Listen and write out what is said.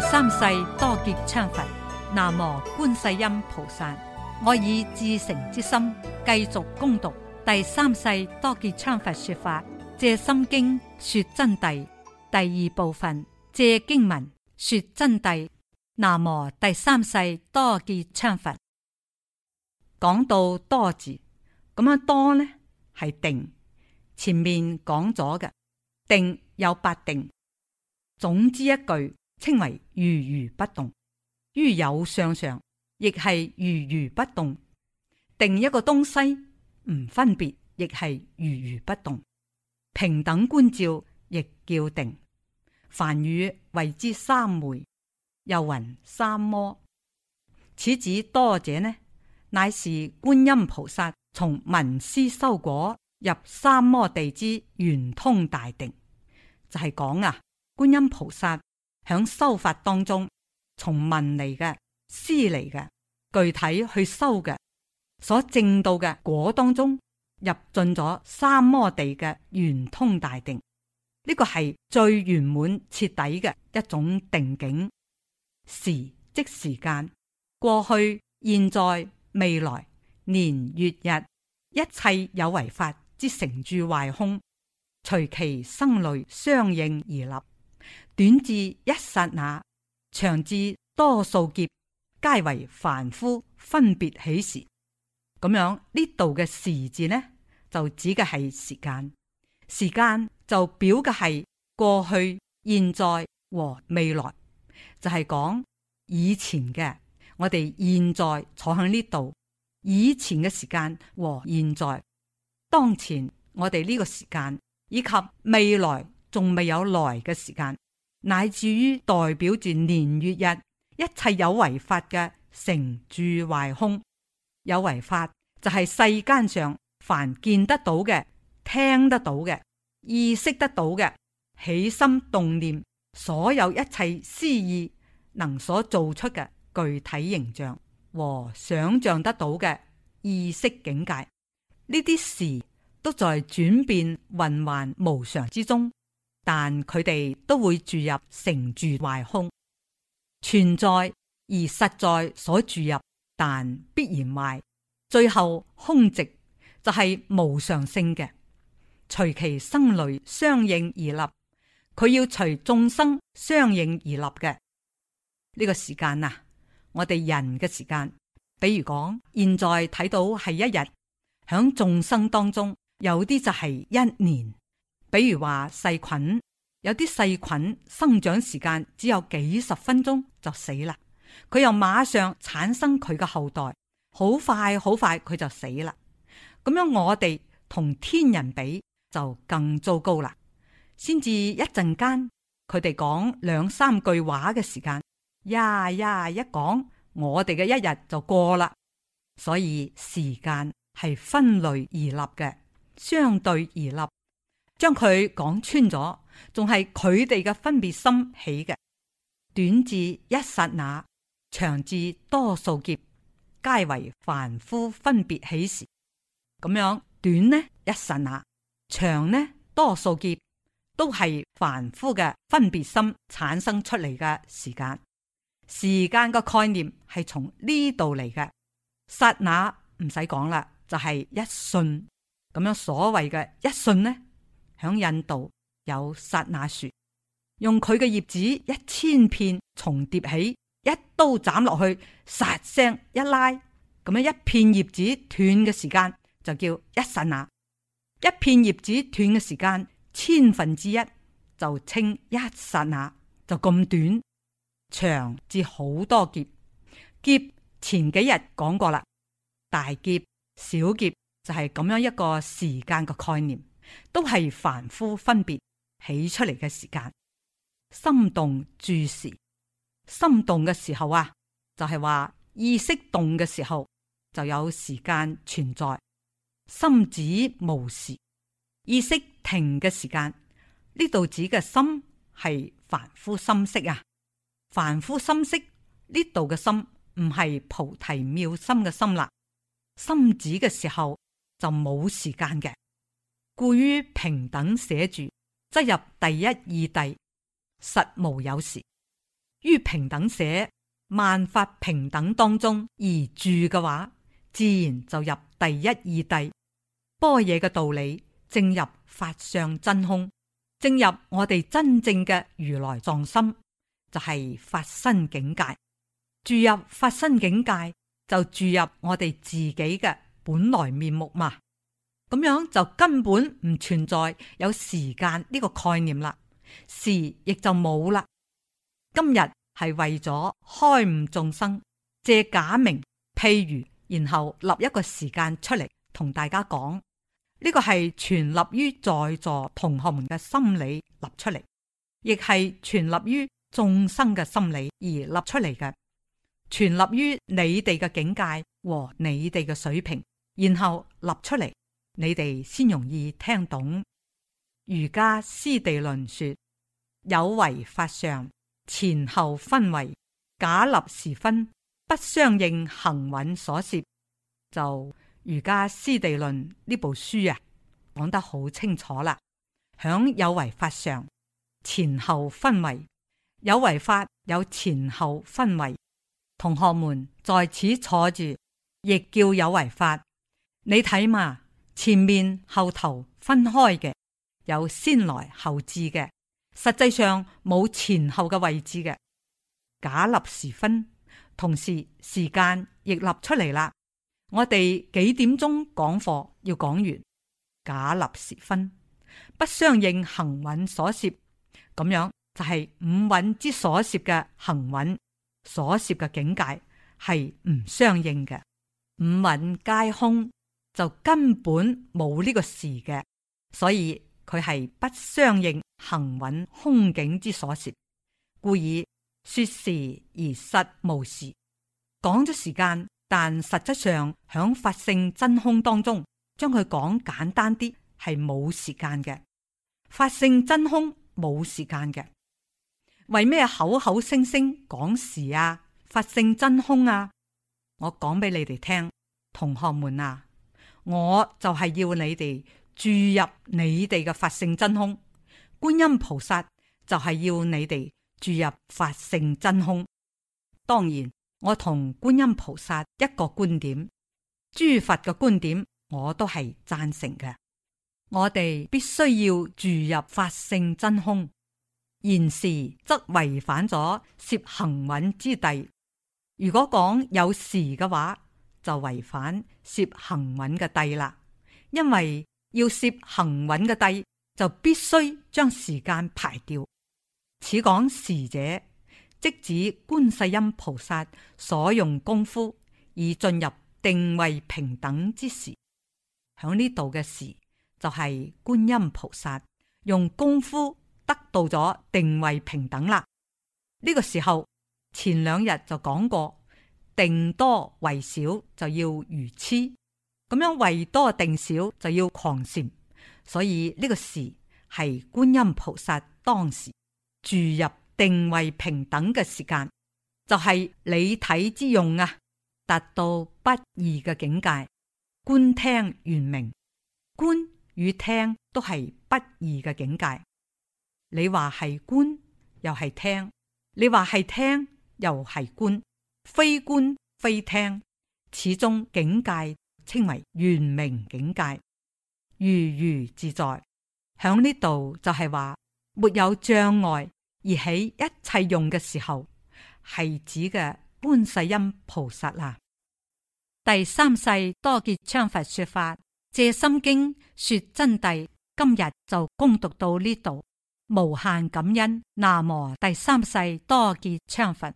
第三世多杰羌佛，南無觀世音菩薩。我以至誠之心繼續攻讀第三世多杰羌佛說法，借心經說真諦第二部分，借經文說真諦。南無第三世多杰羌佛，講到多字，咁樣多呢？係定，前面講咗嘅定有八定，總之一句。稱為如如不動，於有相上亦係如如不動，定一個東西唔分別，亦係如如不動，平等觀照亦叫定，梵語為之三昧，又云三摩。此指多者呢，乃是觀音菩薩從聞思修果入三摩地之圓通大定，就係、是、講啊，觀音菩薩。響修法當中，從聞嚟嘅、思嚟嘅，具體去修嘅，所證到嘅果當中，入進咗三摩地嘅圓通大定，呢、這個係最圓滿徹底嘅一種定境。時即時間，過去、現在、未來，年月日，一切有為法，之成住壞空，隨其生類相應而立。短至一剎那，長至多數劫，皆為凡夫分別起時。咁樣呢度嘅時字呢，就指嘅係時間。時間就表嘅係過去、現在和未來，就係、是、講以前嘅我哋，現在坐喺呢度，以前嘅時間和現在、當前我哋呢個時間以及未來仲未有來嘅時間。乃至於代表住年月日一切有為法嘅成住壞空，有為法就係世間上凡見得到嘅、聽得到嘅、意識得到嘅起心動念，所有一切思意能所做出嘅具體形象和想象得到嘅意識境界，呢啲事都在轉變、循環、無常之中。但佢哋都會注入成住壞空，存在而實在所注入，但必然壞，最後空寂就係無常性嘅，隨其生類相應而立，佢要隨眾生相應而立嘅呢個時間啊，我哋人嘅時間，比如講，現在睇到係一日，響眾生當中有啲就係一年。比如話細菌，有啲細菌生長時間只有幾十分鐘就死啦，佢又馬上產生佢個後代，好快好快佢就死啦。咁樣我哋同天人比就更糟糕啦。先至一陣間，佢哋講兩三句話嘅時間，呀呀一講，我哋嘅一日就過啦。所以時間係分類而立嘅，相對而立。將佢講穿咗，仲係佢哋嘅分別心起嘅。短至一剎那，長至多數劫，皆為凡夫分別起時。咁樣短呢一剎那，長呢多數劫，都係凡夫嘅分別心產生出嚟嘅時間。時間個概念係從呢度嚟嘅。剎那唔使講啦，就係一瞬。咁樣所謂嘅一瞬呢？喺印度有剎那樹，用佢嘅葉子一千片重疊起，一刀斬落去，唰聲一拉，咁樣一片葉子斷嘅時間就叫一剎那，一片葉子斷嘅時間千分之一就稱一剎那，就咁短，長至好多劫，劫前幾日講過啦，大劫、小劫就係咁樣一個時間嘅概念。都係凡夫分別起出嚟嘅時間，心動注時，心動嘅時候啊，就係話意識動嘅時候就有時間存在。心止無時，意識停嘅時間，呢度指嘅心係凡夫心識啊，凡夫心識呢度嘅心唔係菩提妙心嘅心啦。心止嘅時候就冇時間嘅。故於平等寫住，則入第一義諦。實無有時於平等寫萬法平等當中而住嘅話，自然就入第一義諦。般若嘅道理，正入法相真空，正入我哋真正嘅如來藏心，就係、是、法身境界。住入法身境界，就住入我哋自己嘅本來面目嘛。咁樣就根本唔存在有時間呢個概念啦，時亦就冇啦。今日係為咗開悟眾生，借假名譬如，然後立一個時間出嚟同大家講，呢個係全立於在座同學們嘅心理立出嚟，亦係全立於眾生嘅心理而立出嚟嘅，全立於你哋嘅境界和你哋嘅水平，然後立出嚟。你哋先容易聽懂。瑜伽師地論說有為法上前後分為假立時分，不相應行蘊所攝。就瑜伽師地論呢部書啊，講得好清楚啦。響有為法上前後分為有為法有前後分為同學們在此坐住亦叫有為法。你睇嘛。前面後頭分開嘅，有先來後至嘅，實際上冇前後嘅位置嘅。假立時分，同時時間亦立出嚟啦。我哋幾點鐘講課要講完？假立時分，不相應行蘊所攝，咁樣就係五蘊之所攝嘅行蘊所攝嘅境界係唔相應嘅。五蘊皆空。就根本冇呢個事嘅，所以佢係不相應行穩空境之所說，故而說時而實無時，講咗時間，但實質上響法性真空當中，將佢講簡單啲係冇時間嘅，法性真空冇時間嘅。為咩口口聲聲講時啊？法性真空啊？我講俾你哋聽，同學們啊！我就係要你哋注入你哋嘅法性真空，觀音菩薩就係要你哋注入法性真空。當然，我同觀音菩薩一個觀點，諸佛嘅觀點我都係贊成嘅。我哋必須要注入法性真空，現時則違反咗涉行允之地。如果講有時嘅話。就違反涉行穩嘅帝啦，因為要涉行穩嘅帝，就必須將時間排掉。此講時者，即指觀世音菩薩所用功夫而進入定位平等之時。喺呢度嘅時，就係、是、觀音菩薩用功夫得到咗定位平等啦。呢、這個時候，前兩日就講過。定多為少就要愚痴，咁樣為多定少就要狂禪。所以呢、這個時係觀音菩薩當時住入定慧平等嘅時間，就係、是、理體之用啊，達到不二嘅境界。觀聽圓明，觀與聽都係不二嘅境界。你話係觀又係聽，你話係聽又係觀。非觀非聽，始終境界稱為圓明境界，如如自在。喺呢度就係話沒有障礙而喺一切用嘅時候，係指嘅觀世音菩薩啦。第三世多杰羌佛說法《藉心經》說真諦，今日就攻讀到呢度，無限感恩。南無第三世多杰羌佛。